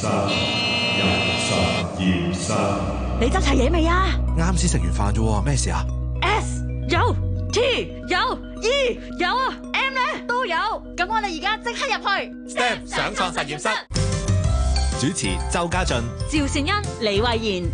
三、一、三、二、三。你執齊嘢未啊？啱先食完飯啫，咩事啊？S 有，T 有，E 有啊，M 呢都有。咁我哋而家即刻入去。STEM 想創實驗室主持：周家俊、趙善恩、李慧賢。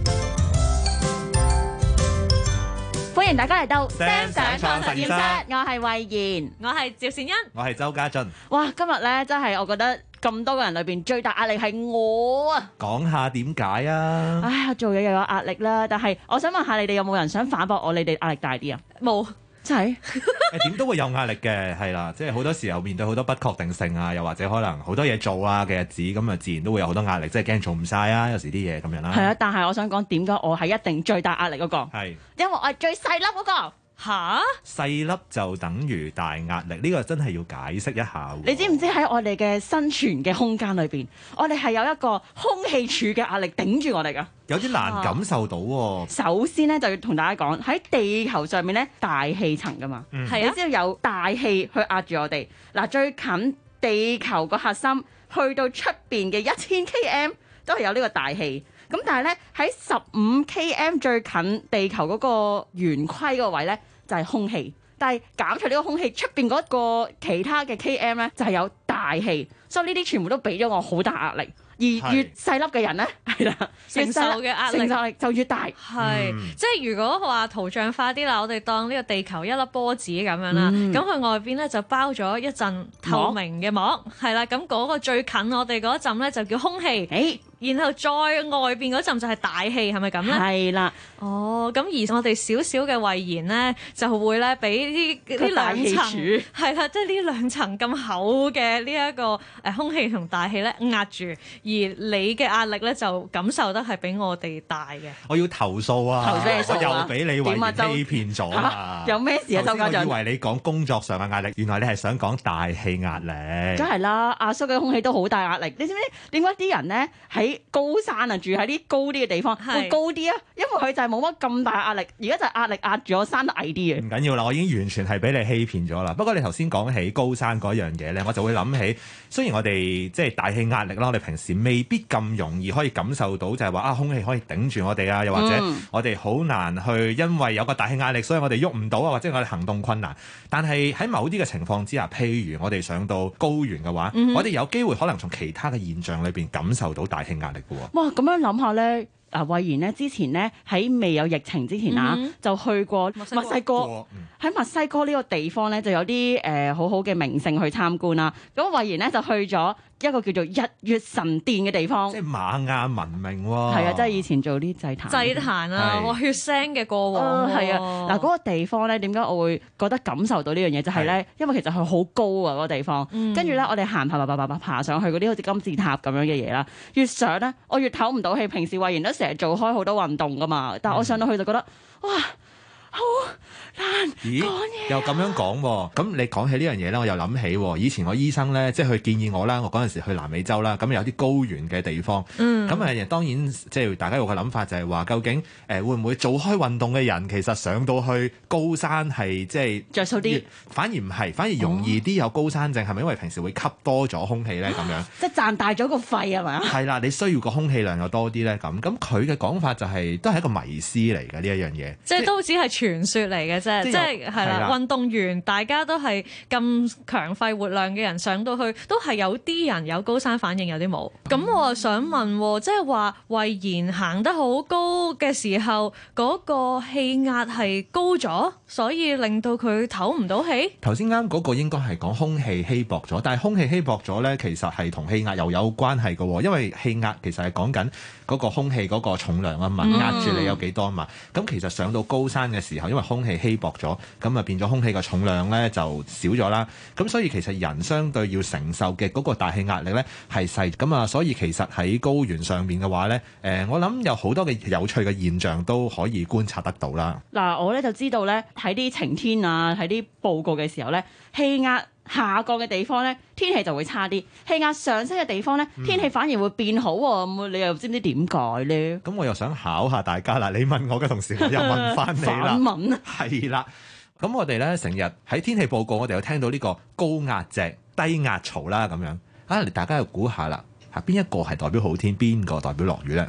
歡迎大家嚟到 STEM 想創實驗室。我係慧賢，我係趙善恩，我係周家俊。哇，今日咧真係我覺得。咁多個人裏面，最大壓力係我講啊！講下點解啊？哎呀，做嘢又有壓力啦！但係，我想問下你哋有冇人想反駁我？你哋壓力大啲啊？冇，就係、是。誒 、欸，點都會有壓力嘅，係啦，即係好多時候面對好多不確定性啊，又或者可能好多嘢做啊嘅日子，咁啊自然都會有好多壓力，即係驚做唔晒啊！有時啲嘢咁樣啦。係啊，但係我想講，點解我係一定最大壓力嗰個？係的，因為我係最細粒嗰個。吓，哈細粒就等於大壓力，呢、這個真係要解釋一下。你知唔知喺我哋嘅生存嘅空間裏邊，我哋係有一個空氣柱嘅壓力頂住我哋噶？有啲難感受到、啊。哈首先呢，就要同大家講，喺地球上面呢，大氣層噶嘛，嗯啊、你只要有大氣去壓住我哋。嗱，最近地球個核心去到出邊嘅一千 km 都係有呢個大氣。咁但係咧，喺十五 km 最近地球嗰個圓規個位咧，就係空氣。但係減除呢個空氣出邊嗰個其他嘅 km 咧，就係有。大氣，所以呢啲全部都俾咗我好大壓力，而越細粒嘅人呢，係啦的，承受嘅壓力就越大。係的，嗯、即係如果話圖像化啲啦，我哋當呢個地球一粒波子咁樣啦，咁佢、嗯、外邊呢就包咗一陣透明嘅膜，係啦摩，咁嗰個最近我哋嗰一陣呢就叫空氣，誒、欸，然後再外邊嗰陣就係大氣，係咪咁呢？係啦的，哦，咁而我哋少少嘅胃炎呢，就會呢俾呢呢兩層，係啦，即係呢兩層咁厚嘅。呢一個誒空氣同大氣咧壓住，而你嘅壓力咧就感受得係比我哋大嘅。我要投訴啊！投訴你啊又俾你為欺騙咗、啊，有咩事啊？周生，我以為你講工作上嘅壓力，原來你係想講大氣壓力。梗係啦，阿叔嘅空氣都好大壓力。你知唔知點解啲人咧喺高山啊住喺啲高啲嘅地方是會高啲啊？因為佢就係冇乜咁大壓力，而家就係壓力壓住我，生得矮啲嘅。唔緊要啦，我已經完全係俾你欺騙咗啦。不過你頭先講起高山嗰樣嘢咧，我就會諗。起，雖然我哋即係大氣壓力啦，我哋平時未必咁容易可以感受到就，就係話啊，空氣可以頂住我哋啊，又或者我哋好難去，因為有個大氣壓力，所以我哋喐唔到啊，或者我哋行動困難。但係喺某啲嘅情況之下，譬如我哋上到高原嘅話，嗯、哼我哋有機會可能從其他嘅現象裏邊感受到大氣壓力嘅喎。哇，咁樣諗下咧～啊，魏然咧，之前咧，喺未有疫情之前啊，嗯、哼就去過墨西哥，喺墨西哥呢個地方咧，就有啲誒好好嘅名勝去參觀啦。咁魏然咧就去咗。一個叫做日月神殿嘅地方，即係瑪雅文明喎。係啊，即係以前做啲祭壇、祭壇啊，血腥嘅過往。係啊，嗱嗰個地方咧，點解我會覺得感受到呢樣嘢？就係咧，因為其實佢好高啊嗰個地方。跟住咧，我哋行爬爬爬爬爬爬上去嗰啲好似金字塔咁樣嘅嘢啦。越上咧，我越唞唔到氣。平時話完都成日做開好多運動噶嘛，但我上到去就覺得哇！好很難講嘢咦，啊、又咁樣講喎、啊。咁你講起呢樣嘢咧，我又諗起、啊、以前我醫生咧，即係佢建議我啦。我嗰陣時去南美洲啦，咁有啲高原嘅地方。嗯，咁誒當然即係大家有個諗法、就是，就係話究竟誒、呃、會唔會做開運動嘅人，其實上到去高山係即係着數啲，反而唔係，反而容易啲有高山症，係咪、哦、因為平時會吸多咗空氣咧？咁樣即係賺大咗個肺係咪啊？係啦，你需要個空氣量又多啲咧。咁咁佢嘅講法就係、是、都係一個迷思嚟嘅呢一樣嘢，即係都只係。傳說嚟嘅啫，即係係啦，運動員大家都係咁強肺活量嘅人，上到去都係有啲人有高山反應，有啲冇。咁我就想問，即係話魏然行得好高嘅時候，嗰個氣壓係高咗，所以令到佢唞唔到氣。頭先啱嗰個應該係講空氣稀薄咗，但係空氣稀薄咗呢，其實係同氣壓又有關係㗎，因為氣壓其實係講緊嗰個空氣嗰個重量啊嘛，壓住你有幾多啊嘛。咁其實上到高山嘅。時候，因為空氣稀薄咗，咁啊變咗空氣嘅重量呢就少咗啦。咁所以其實人相對要承受嘅嗰個大氣壓力呢係細，咁啊所以其實喺高原上面嘅話呢，誒、呃、我諗有好多嘅有趣嘅現象都可以觀察得到啦。嗱，我呢就知道呢，喺啲晴天啊，喺啲報告嘅時候呢，氣壓下降嘅地方呢，天氣就會差啲；氣壓上升嘅地方呢，天氣反而會變好喎。咁、嗯、你又知唔知點解呢？咁我又想考下大家啦。你問我嘅同時，我又問翻你啦。反問 文，係啦。咁我哋呢，成日喺天氣報告，我哋有聽到呢個高壓脊、低壓槽啦。咁樣啊，大家又估下啦。啊，邊一個係代表好天？邊個代表落雨呢？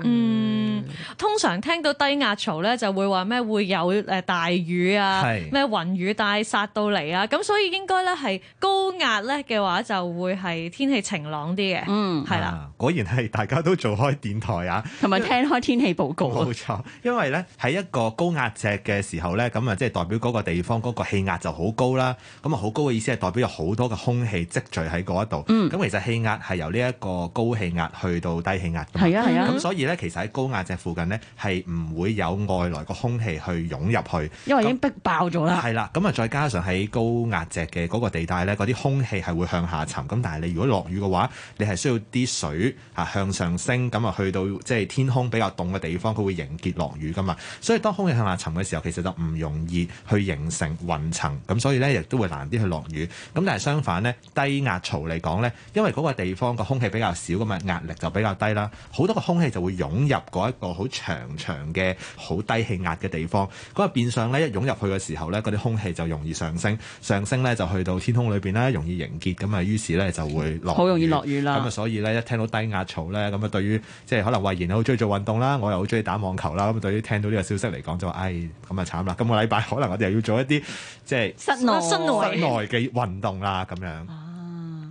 嗯，通常聽到低壓槽咧，就會話咩會有誒大雨啊，咩是雲雨帶殺到嚟啊，咁所以應該咧係高壓咧嘅話，就會係天氣晴朗啲嘅。嗯，係啦、啊，果然係大家都做開電台啊，同埋聽開天氣報告啊，冇錯。因為咧喺一個高壓脊嘅時候咧，咁啊即係代表嗰個地方嗰、嗰個氣壓就好高啦，咁啊好高嘅意思係代表有好多嘅空氣積聚喺嗰一度。咁、嗯、其實氣壓係由呢一個高氣壓去到低氣壓。係啊係啊，咁所以。嗯其實喺高壓脊附近呢，係唔會有外來個空氣去湧入去，因為已經逼爆咗啦。係啦，咁啊，再加上喺高壓脊嘅嗰個地帶呢，嗰啲空氣係會向下沉。咁但係你如果落雨嘅話，你係需要啲水啊向上升，咁啊去到即係天空比較凍嘅地方，佢會凝結落雨㗎嘛。所以當空氣向下沉嘅時候，其實就唔容易去形成雲層。咁所以呢，亦都會難啲去落雨。咁但係相反呢，低壓槽嚟講呢，因為嗰個地方個空氣比較少，咁啊壓力就比較低啦。好多個空氣就會湧入嗰一個好長長嘅好低氣壓嘅地方，嗰、嗰個變相咧一湧入去嘅時候咧，嗰啲空氣就容易上升，上升咧就去到天空裏邊啦，容易凝結，咁啊於是咧就會落雨，好容易落雨啦。咁啊所以咧一聽到低壓槽咧，咁啊對於即係可能慧然好中意做運動啦，我又好中意打網球啦，咁對於聽到呢個消息嚟講就話，唉咁啊慘啦，今、今個禮拜可能我哋又要做一啲即係室內室內嘅運動啦咁樣。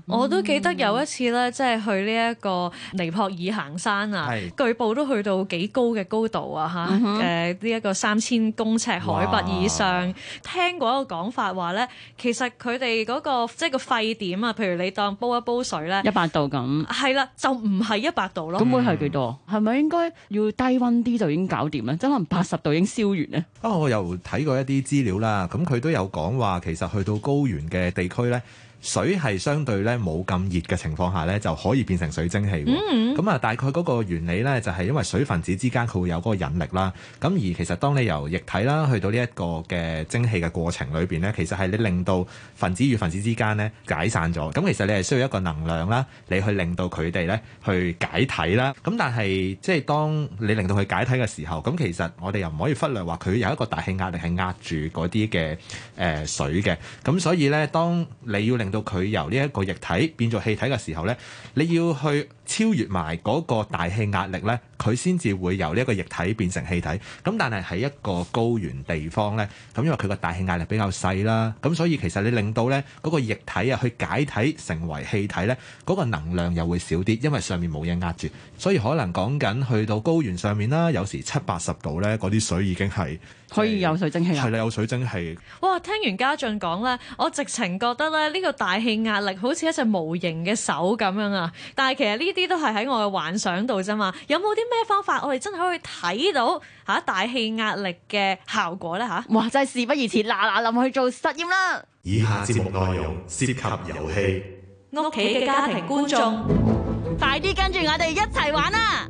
我都記得有一次咧，即係去呢一個尼泊爾行山啊，據是報都去到幾高嘅高度啊嚇！誒、uh，呢一個三千公尺海拔以上，嘩聽過一個講法話咧，其實佢哋嗰個即係個沸點啊，譬如你當煲一煲水咧，一百度咁，係啦，就唔係一百度咯。咁會係幾多？係咪應該要低温啲就已經搞掂咧？即可能八十度已經燒完咧？啊、哦，我又睇過一啲資料啦，咁佢都有講話，其實去到高原嘅地區咧。水係相對咧冇咁熱嘅情況下咧，就可以變成水蒸氣。咁啊、mm，hmm. 大概嗰個原理咧，就係因為水分子之間佢會有嗰個引力啦。咁而其實當你由液體啦去到呢一個嘅蒸氣嘅過程裏邊咧，其實係你令到分子與分子之間咧解散咗。咁其實你係需要一個能量啦，你去令到佢哋咧去解體啦。咁但係即係當你令到佢解體嘅時候，咁其實我哋又唔可以忽略話佢有一個大氣壓力係壓住嗰啲嘅誒水嘅。咁所以咧，當你要令到佢由呢一個液體變做氣體嘅時候咧，你要去，超越埋嗰個大氣壓力咧，佢先至會由呢一個液體變成氣體，咁但係喺一個高原地方咧，咁因為佢個大氣壓力比較細啦，咁所以其實你令到咧嗰個液體啊去解體成為氣體咧，嗰個能量又會少啲，因為上面冇嘢壓住，所以可能講緊去到高原上面啦，有時七八十度咧，嗰啲水已經係可以有水蒸氣啦，係啦，有水蒸氣。哇！聽完嘉俊講咧，我直情覺得咧呢個大氣壓力好似一隻無形嘅手咁樣啊！但係其實呢？啲都係喺我嘅幻想度啫嘛，有冇啲咩方法我哋真係可以睇到吓大氣壓力嘅效果咧吓？哇！真係事不宜遲，嗱嗱臨去做實驗啦！以下節目內容涉及遊戲，屋企嘅家庭觀眾，觀眾快啲跟住我哋一齊玩啦！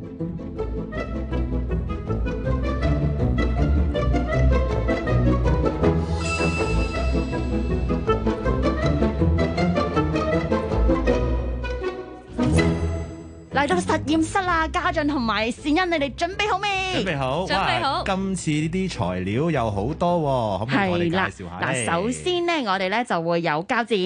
嚟到實驗室啦，家俊同埋善恩，你哋準備好未？準備好，準備好。今次呢啲材料有好多，可唔可以介紹下？嗱，首先咧，我哋咧就會有膠剪，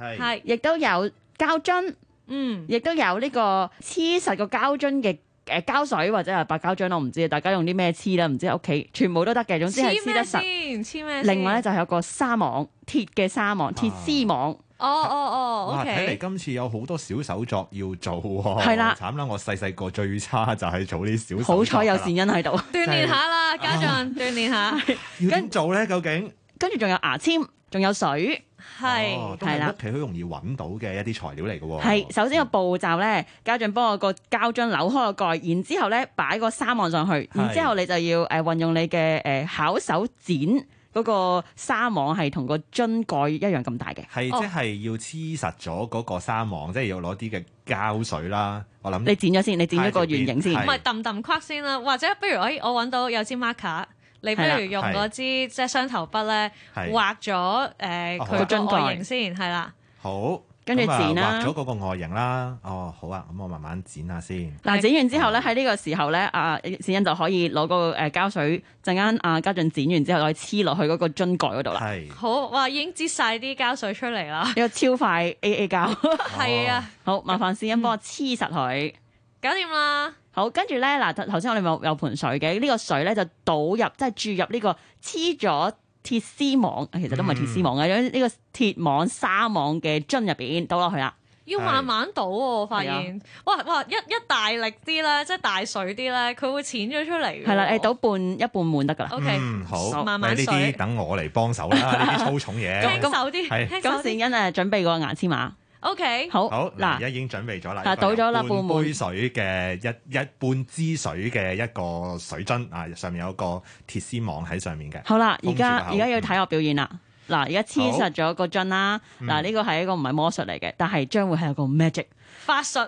係是，係，亦都有膠樽，嗯，亦都有呢個黐實個膠樽嘅誒膠水或者係白膠樽，我唔知大家用啲咩黐啦，唔知屋企全部都得嘅，總之係黐得實。黐咩？另外咧就係有個砂網，鐵嘅砂網，鐵絲網。啊哦哦哦，OK，睇嚟今次有好多小手作要做喎，哦，係啦的，慘啦！我細細個最差就係做啲小手作啦。好彩有善因喺度， 就是，鍛鍊下啦，家俊，啊、鍛鍊下。要點做咧？究竟？跟住仲有牙籤，仲有水，係係啦，屋企好容易揾到嘅一啲材料嚟嘅，哦。係，首先個步驟咧，家俊幫我個膠樽扭開個蓋，然後之後咧擺個沙網上去，然後之後你就要誒運用你嘅誒巧手剪。呃的嗰個砂網係同個樽蓋一樣咁大嘅，係即係要黐實咗嗰個砂網，即係要攞啲嘅膠水啦。我諗你剪咗先，你先剪咗個圓形先，唔係揼揼框先啦。或者不如我，我揾到有支 marker，你不如用嗰支即係雙頭筆咧畫咗誒佢外形先，係啦。好。跟住剪啦，畫咗嗰個外形啦。哦，好啊，咁我慢慢剪下先。但剪完之後咧，喺呢是個時候咧，啊，善欣、啊、就可以攞個誒膠水，陣間啊，嘉俊剪完之後可黐落去嗰個樽蓋嗰度啦。係是。好，哇，已經擠晒啲膠水出嚟啦。呢個超快 A A 膠。係 啊。好，麻煩善欣幫我黐實佢。搞掂啦。好，跟住咧嗱，頭先我哋咪有盆水嘅，呢、這個水咧就倒入，即係注入呢、這個黐咗。鐵絲網其實都唔係鐵絲網嘅，呢個鐵網、沙網嘅樽入邊倒落去啦。要慢慢倒，我發現哇哇一一大力啲咧，即係大水啲咧，佢會濺咗出嚟。係啦，誒倒半一半滿得㗎啦。OK，好，慢慢水。等我嚟幫手啦，呢啲粗重嘢。輕手啲。咁善欣誒，準備個牙籤碼。OK，好，好嗱，而家已經準備咗啦，倒咗啦，半杯水嘅，一一半支水嘅一個水樽啊，上面有個鐵絲網喺上面嘅。好啦，而家而家要睇我表演啦，嗱，而家黐實咗個樽啦，嗱，呢個係一個唔係魔術嚟嘅，但係將會係一個 magic 法術。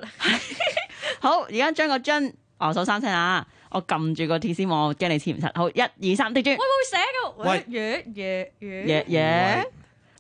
好，而家將個樽，我數三聲啊，我撳住個鐵絲網，我驚你黐唔實。好，一二三，對住。會唔會寫噶。月月月。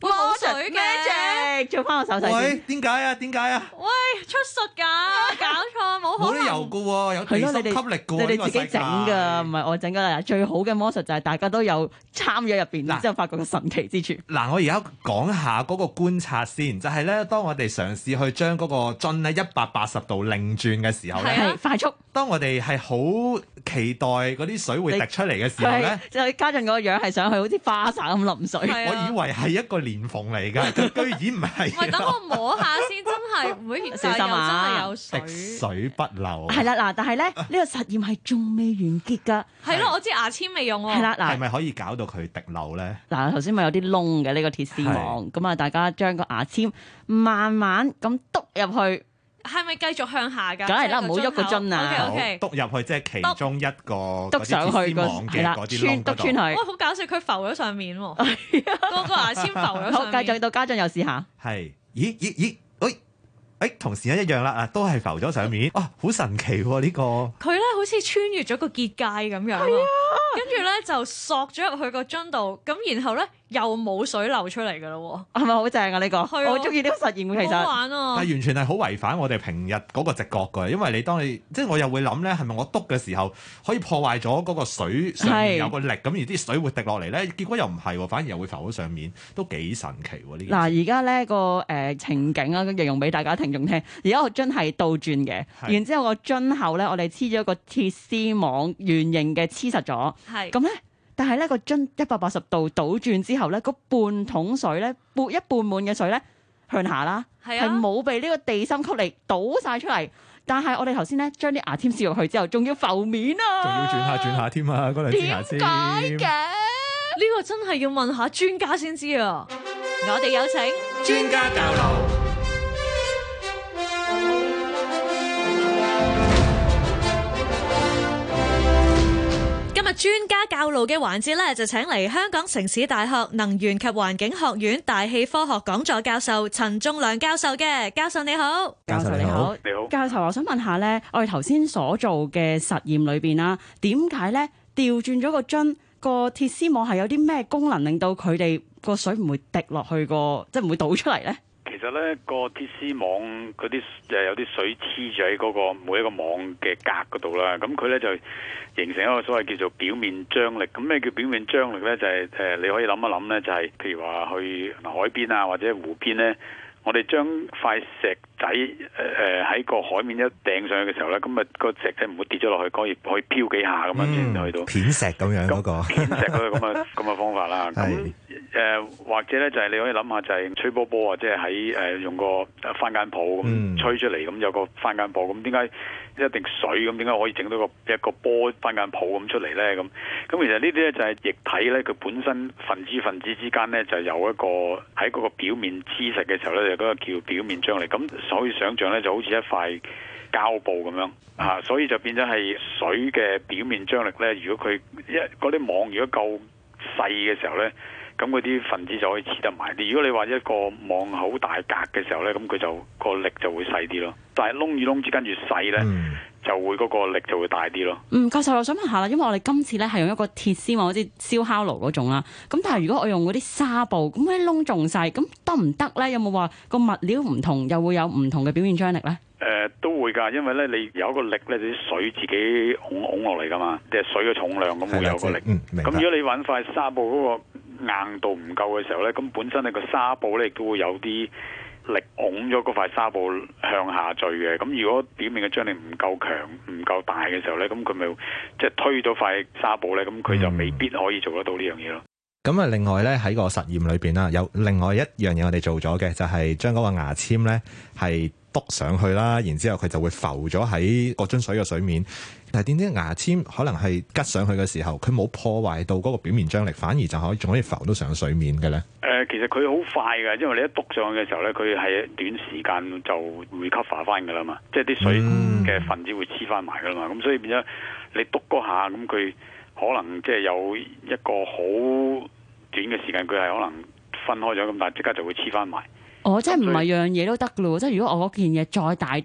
冇水嘅，magic，做翻個手勢喂，點解啊？點解啊？喂，出術㗎！ 搞錯，冇可能。冇理由嘅喎，有地心吸力嘅呢的們個你哋自己整㗎，唔係我整㗎啦。最好嘅魔術就係大家都有參咗入邊，然喊之後發覺個神奇之處。嗱，我而家講下嗰個觀察先，就係、是、咧，當我哋嘗試去將嗰個樽喺一百八十度擰轉嘅時候咧，快速、啊。當我哋係好期待嗰啲水會滴出嚟嘅時候咧、啊，就嘉俊個樣係想去好似花灑咁淋水。啊、我以為係一個縫嚟㗎，居然唔係。喂，等我摸下先， 真係每條牙釉真係有水，水不漏。係啦，嗱，但係咧，呢 個實驗係仲未完結㗎。係咯，我知牙籤未用喎。係啦，嗱，係咪可以搞到佢滴漏咧？嗱，頭先咪有啲窿嘅呢個鐵絲網，咁啊是，大家將個牙籤慢慢咁篤入去。係咪繼續向下噶？梗係啦，唔好喐個樽啦。OK OK，篤入去即係其中一個篤上去個穿，篤穿去。哇，好搞笑，佢浮咗上面。嗰 個牙籤浮咗。好，繼續到家俊又試下。係，咦咦咦，喂，誒，同前一次一樣啦，啊，都係浮咗上面。哇、這個，好神奇喎，呢個佢咧好似穿越咗個結界咁樣。係啊，跟住咧就索咗入去個樽度，咁然後咧，又冇水流出嚟嘅咯，係咪好正啊？呢、這個、啊、我中意呢個實驗，其實係、啊、完全係好違反我哋平日嗰個直覺嘅。因為你當你，即係我又會諗咧，係咪我篤嘅時候可以破壞咗嗰個水上面有個力，咁是而啲水會滴落嚟咧？結果又唔係、啊，反而又會浮喺上面，都幾神奇喎、啊、呢？嗱、呃，而家咧個誒情景啊，形容俾大家聽眾聽。而家是個樽係倒轉嘅，然之後個樽口咧，我哋黐咗個鐵絲網，圓形嘅黐實咗，係咁咧。但係咧個樽一百八十度倒轉之後咧，嗰半桶水咧半一半滿嘅水咧向下啦，係冇、啊、被呢個地心吸力倒曬出嚟。但係我哋頭先咧將啲牙籤撕落去之後，仲要浮面啊！仲要轉下轉下添啊！先，點解嘅？呢個真係要問下專家先知啊！ 我哋有請專家教路。專家教路嘅環節咧，就請嚟香港城市大學能源及環境學院大氣科學講座教授陳仲良教授嘅。教授你好，教授你好，你好。教授，我想問下咧，我哋頭先所做嘅實驗裏邊啦，點解咧調轉咗個樽個鐵絲網係有啲咩功能，令到佢哋個水唔會滴落去個，即係唔會倒出嚟呢？其實咧，個鐵絲網嗰啲誒有啲水黐住喺嗰個每一個網嘅格嗰度啦，咁佢咧就形成一個所謂叫做表面張力。咁咩叫表面張力咧？就係、是、誒、呃、你可以諗一諗咧，就係、是、譬如話去海邊啊或者湖邊咧，我哋將塊石仔誒喺、呃、個海面一掟上去嘅時候咧，咁啊個石仔唔會跌咗落去，可以可以飄幾下咁、嗯、樣先去到片石咁、這個、 樣嗰個片石嗰個咁嘅咁嘅方法啦。 誒或者咧就係你可以諗下就係吹波波啊，即係喺誒用個番梘泡咁吹出嚟，咁有個番梘泡咁點解一定水咁點解可以整到一個一個波番梘泡咁出嚟咧？咁咁、嗯、其實呢啲咧就係液體咧，佢本身分子分子之間咧就有一個喺嗰個表面黐實嘅時候咧，就嗰個叫表面張力。咁、嗯、所以想像咧就好似一塊膠布咁樣啊，所以就變咗係水嘅表面張力咧。如果佢一嗰啲網如果夠細嘅時候咧。咁嗰啲分子就可以黐得埋啲。如果你話一個網口大格嘅時候咧，咁佢就個力就會細啲咯。但係窿與窿之間越細咧，就會嗰個力就會大啲咯。嗯，教授我想問下啦，因為我哋今次咧係用一個鐵絲網好似燒烤爐嗰種啦。咁但係如果我用嗰啲紗布，咁啲窿仲細，咁得唔得咧？有冇話個物料唔同又會有唔同嘅表面張力咧？誒都會㗎，因為咧、那個呃、你有一個力咧，啲水自己拱拱落嚟㗎嘛，即係水嘅重量咁會有個力。嗯，明白。咁如果你揾塊紗布嗰、那個硬度唔夠嘅時候呢，咁本身你個紗布呢亦都會有啲力拱咗嗰塊紗布向下墜嘅。咁如果表面嘅張力唔夠強、唔夠大嘅時候呢，咁佢咪即係推咗塊紗布呢？咁佢就未必可以做得到呢樣嘢咯。咁啊、嗯，另外呢，喺個實驗裏邊啦，有另外一樣嘢我哋做咗嘅，就係將嗰個牙籤呢。係。篤上去啦，然之後佢就會浮咗喺嗰樽水嘅水面。但係點解牙籤可能係拮上去嘅時候，佢冇破壞到嗰個表面張力，反而就可仲可以浮到上水面嘅咧？誒、呃，其實佢好快嘅，因為你一篤上去嘅時候咧，佢係短時間就會 recover 翻嘅啦嘛，即係啲水嘅分子會黐翻埋嘅啦嘛，咁、嗯、所以變咗你篤嗰下，咁佢可能即係有一個好短嘅時間，佢係可能分開咗咁，但係即刻就會黐翻埋。哦，即係唔係樣嘢都得噶咯？以即係如果我件嘢再大啲，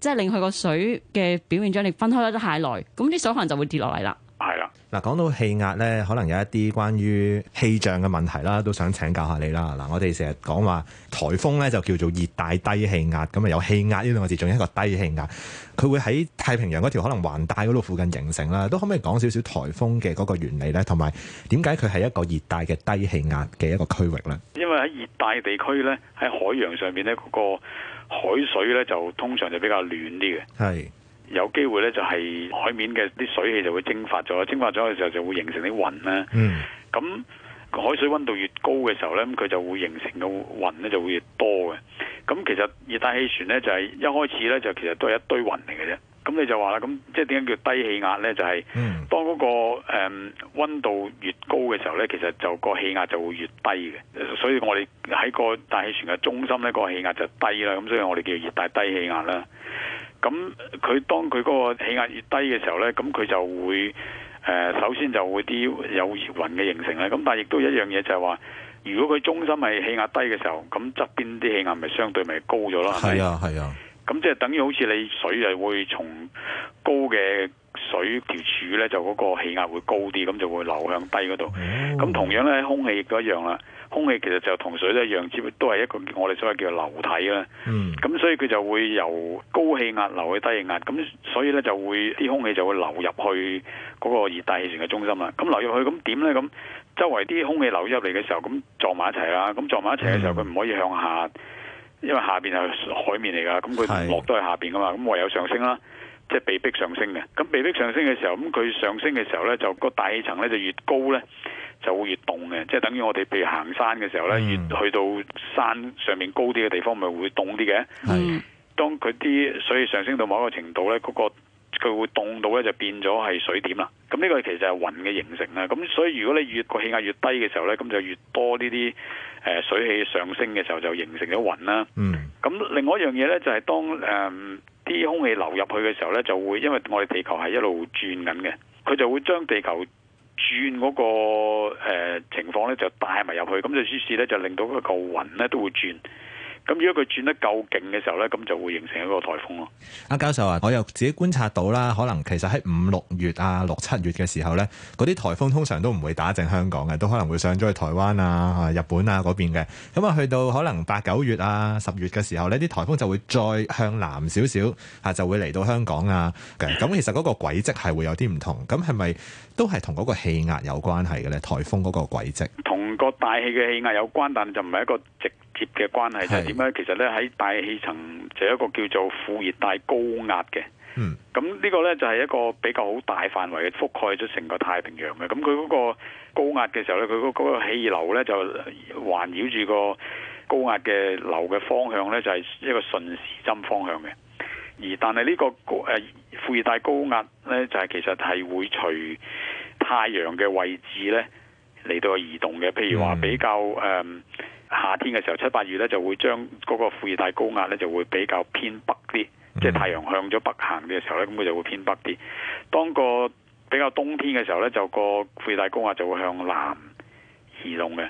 即係令佢個水嘅表面張力分開得太耐，咁啲水可能就會跌落嚟啦。係啦的，嗱，講到氣壓呢，可能有一啲關於氣象嘅問題啦，都想請教下你啦。嗱，我哋成日講話台風呢就叫做熱帶低氣壓，咁啊有氣壓呢兩個字，仲有一個低氣壓，佢會喺太平洋嗰條可能環帶嗰度附近形成啦。都可唔可以講少少台風嘅嗰個原理呢？同埋點解佢係一個熱帶嘅低氣壓嘅一個區域呢？喺熱帶地區咧，喺海洋上面咧，嗰個海水咧就通常就比較暖啲嘅。係有機會咧，就係海面嘅啲水氣就會蒸發咗，蒸發咗嘅時候就會形成啲雲啦。嗯，咁海水溫度越高嘅時候咧，佢就會形成嘅雲咧就會越多嘅。咁其實熱帶氣旋咧就係一開始咧就其實都係一堆雲嚟嘅啫。咁你就話啦，咁即係點樣叫低氣壓咧？就係當嗰個誒溫度越高嘅時候咧，其實就個氣壓就會越低嘅。所以我哋喺個大氣旋嘅中心咧，個氣壓就低啦。咁所以我哋叫熱帶低氣壓啦。咁佢當佢嗰個氣壓越低嘅時候咧，咁佢就會誒首先就會啲有熱雲嘅形成咧。咁但係亦都一樣嘢就係話，如果佢中心係氣壓低嘅時候，咁側邊啲氣壓咪相對咪高咗咯。係啊，係啊。咁即係等於好似你水就會從高嘅水條柱咧，就嗰個氣壓會高啲，咁就會流向低嗰度。咁、oh. 同樣咧，空氣亦都一樣啦。空氣其實就同水一樣，接都係一個我哋所謂叫流體啦。咁、mm. 所以佢就會由高氣壓流去低氣壓。咁所以咧就會啲空氣就會流入去嗰個熱帶氣旋嘅中心啦。咁流入去咁點咧？咁周圍啲空氣流入嚟嘅時候，咁撞埋一齊啦。咁撞埋一齊嘅時候，佢唔、mm. 可以向下。因為下邊係海面嚟㗎，咁佢落都係下邊㗎嘛，咁唯有上升啦，即係被逼上升嘅。咁被逼上升嘅時候，咁佢上升嘅時候咧，就個大氣層咧就越高咧，就會越凍嘅。即係等於我哋譬如行山嘅時候咧，嗯、越去到山上面高啲嘅地方，咪會凍啲嘅。係是，當佢啲水上升到某一個程度咧，嗰個。佢會凍到咧，就變咗係水點啦。咁呢個其實係雲嘅形成啦。咁所以如果你越個氣壓越低嘅時候咧，咁就越多呢啲誒水氣上升嘅時候就形成咗雲啦。嗯。咁另外一樣嘢咧就係、是、當誒啲、呃、空氣流入去嘅時候咧，就會因為我哋地球係一路轉緊嘅，佢就會將地球轉嗰、那個、呃、情況咧就帶埋入去，咁就於是咧就令到嗰個雲咧都會轉。咁如果佢轉得夠勁嘅時候呢，咁就會形成一個台風咯。阿、啊、教授啊，我又自己觀察到啦，可能其實喺五六月啊、六七月嘅時候呢，嗰啲台風通常都唔會打正香港嘅，都可能會上咗去台灣啊、日本啊嗰邊嘅。咁啊，去到可能八九月啊、十月嘅時候呢，啲台風就會再向南少少啊，就會嚟到香港啊。咁其實嗰個軌跡係會有啲唔同。咁係咪都係同嗰個氣壓有關係嘅呢？台風嗰個軌跡。同個大氣嘅氣壓有關，但就唔係一個直接嘅關係。是就係點樣？其實咧喺大氣層就有一個叫做副熱帶高壓嘅。嗯，咁呢個咧就係、是、一個比較好大範圍嘅覆蓋咗成個太平洋嘅。咁佢嗰個高壓嘅時候咧，佢嗰嗰個氣流咧就環繞住個高壓嘅流嘅方向咧，就係、是、一個順時針方向嘅。而但係呢個誒副、呃、熱帶高壓咧，就係、是、其實係會隨太陽嘅位置咧，嚟到移動嘅，譬如話比較誒、呃、夏天嘅時候，七八月咧就會將嗰個副熱帶高壓咧就會比較偏北啲，嗯、即係太陽向咗北行嘅時候咧，咁佢就會偏北啲。當個比較冬天嘅時候咧，就個副熱帶高壓就會向南移動嘅。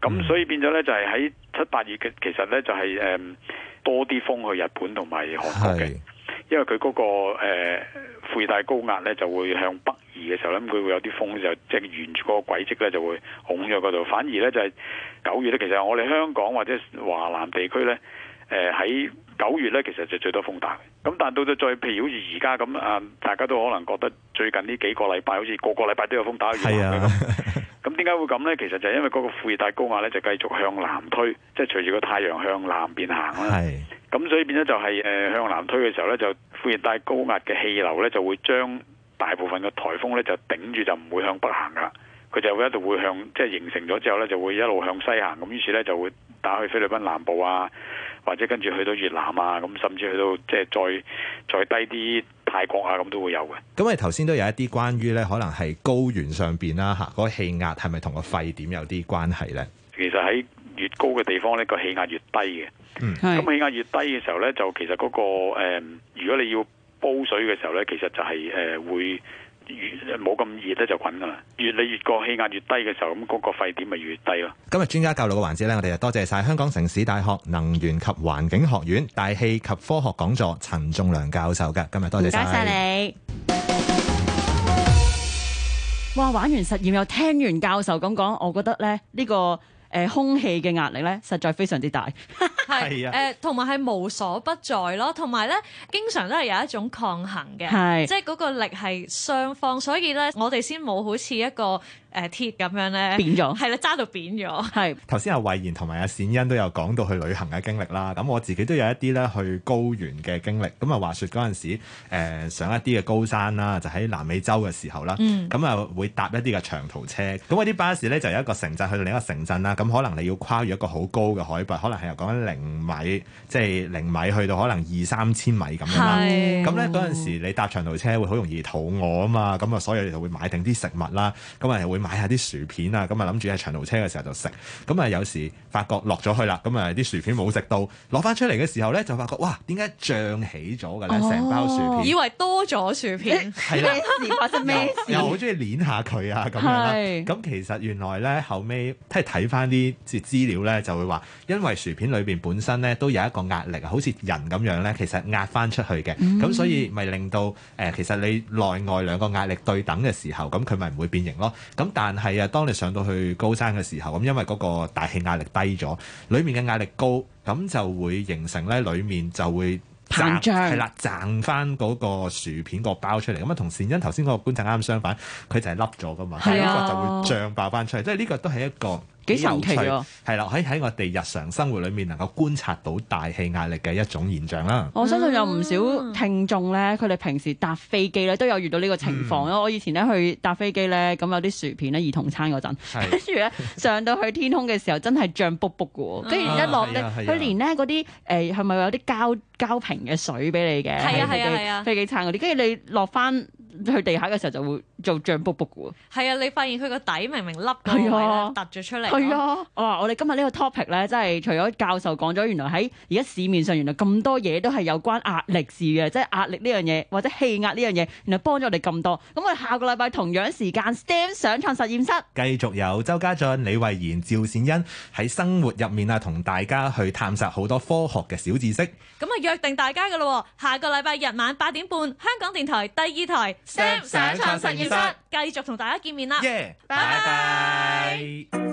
咁、嗯、所以變咗咧就係喺七八月嘅，其實咧就係、是、誒多啲風去日本同埋韓國嘅，是因為佢嗰、那個誒副熱帶高壓咧就會向北，嘅時候咧，佢會有啲風就即、是、係沿住嗰個軌跡咧就會拱咗嗰度。反而咧就係、是、九月咧，其實我哋香港或者華南地區咧，誒喺九月咧，其實就最多風打。咁但係到到再譬如好似而家咁啊，大家都可能覺得最近呢幾個禮拜好似個個禮拜都有風打雨咁。咁點解會咁咧？其實就因為嗰個副熱帶高壓咧就繼續向南推，即係隨住個太陽向南邊行啦。咁是、啊、所以變咗就係、是、誒、呃、向南推嘅時候咧，就副熱帶高壓嘅氣流咧就會將。大部分嘅台風咧就頂住，就唔會向北行㗎喇，佢就會一直會向，即係形成咗之後咧就會一路向西行，咁於是咧就會打去菲律賓南部啊，或者跟住去到越南啊，咁甚至去到即係再再低啲泰國啊，咁都會有嘅。咁你頭先都有一啲關於咧，可能係高原上邊啦嚇，嗰、那個、氣壓係咪同個沸點有啲關係咧？嗯、其實喺越高嘅地方咧，個氣壓越低嘅。嗯，咁氣壓越低嘅時候咧，就其實嗰、那個、呃、如果你要。煲水嘅時候呢，其實就係、是、誒、呃、會越冇咁熱咧就滾噶啦。越你越個氣壓越低嘅時候，咁、那、嗰個沸點咪越低咯。今日專家教路嘅環節呢，我哋就多謝晒香港城市大學能源及環境學院大氣及科學講座陳仲良教授嘅。今日多謝晒。唔該晒你。哇！玩完實驗又聽完教授咁講，我覺得咧呢、這個誒、呃、空氣嘅壓力呢，實在非常之大。 係誒，同埋係無所不在咯，同埋咧，經常都係有一種抗衡嘅，是即係嗰個力係雙方，所以咧，我哋先冇好似一個誒、呃、鐵咁樣咧，扁咗了，係啦，揸到扁咗。係頭先阿慧賢同埋阿善欣都有講到去旅行嘅經歷啦，咁我自己都有一啲咧去高原嘅經歷，咁啊話説嗰陣時、呃、上一啲嘅高山啦，就喺南美洲嘅時候啦，咁啊、嗯、會搭一啲嘅長途車，咁嗰啲巴士咧就有一個城鎮去到另一個城鎮啦，咁可能你要跨越一個好高嘅海拔，可能係又講緊。零米即係零米去到可能二三千米咁樣啦，咁咧嗰陣時你搭長途車會好容易肚餓啊嘛，咁啊所以你就會買定啲食物啦，咁啊會買下啲薯片啊，咁啊諗住喺長途車嘅時候就食，咁啊有時發覺落咗去啦，咁啊啲薯片冇食到，攞翻出嚟嘅時候咧就發覺哇，點解脹起咗㗎咧？成包薯片，哦，以為多咗薯片，係啦 了，發生咩事？事 又好中意捏下佢啊，咁樣啦。咁的其實原來咧後尾，即係睇返啲資料咧，就會話因為薯片裏邊。本身咧都有一個壓力，好似人咁樣咧，其實壓翻出去嘅，咁、嗯、所以咪令到誒、呃，其實你內外兩個壓力對等嘅時候，咁佢咪唔會變形咯。咁但係啊，當你上到去高山嘅時候，咁因為嗰個大氣壓力低咗，裡面嘅壓力高，咁就會形成咧，裡面就會膨脹，係障啦，撐翻嗰個薯片個包出嚟。咁啊，同善欣頭先嗰個觀測啱相反，佢就係凹咗噶嘛，係呢、啊、個就會漲爆翻出嚟，即係呢個都係一個。幾神奇喎！係啦，喺 喺樂我哋日常生活裏面能夠觀察到大氣壓力嘅一種現象啦。我相信有唔少聽眾咧，佢哋平時搭飛機咧都有遇到呢個情況咯。嗯、我以前咧去搭飛機咧，咁有啲薯片咧，兒童餐嗰陣，跟住咧上到去天空嘅時候，真係漲卜卜嘅喎。跟住、嗯啊、一落咧，佢、啊啊啊、連咧嗰啲誒係咪有啲膠膠瓶嘅水俾你嘅？係啊係啊係啊！飛機餐嗰啲，跟住你落翻。 去地下嘅時候就會做脹卜卜喎。係啊，你發現佢個底明明凹嘅位咧凸咗出嚟。係啊，我哋今日呢個 topic 咧，真係除咗教授講咗，原來喺而家市面上原來咁多嘢都係有關壓力事嘅，即係壓力呢樣嘢或者氣壓呢樣嘢，原來幫咗我哋咁多。咁我哋下個禮拜同樣時間 STEM 上創實驗室，繼續由周家俊、李慧嫻、趙善欣喺生活入面啊，同大家去探索好多科學嘅小知識。咁啊，約定大家噶咯，下個禮拜日晚八點半，香港電台第二台。Sam 上場實驗室，繼續同大家見面啦，yeah，bye bye。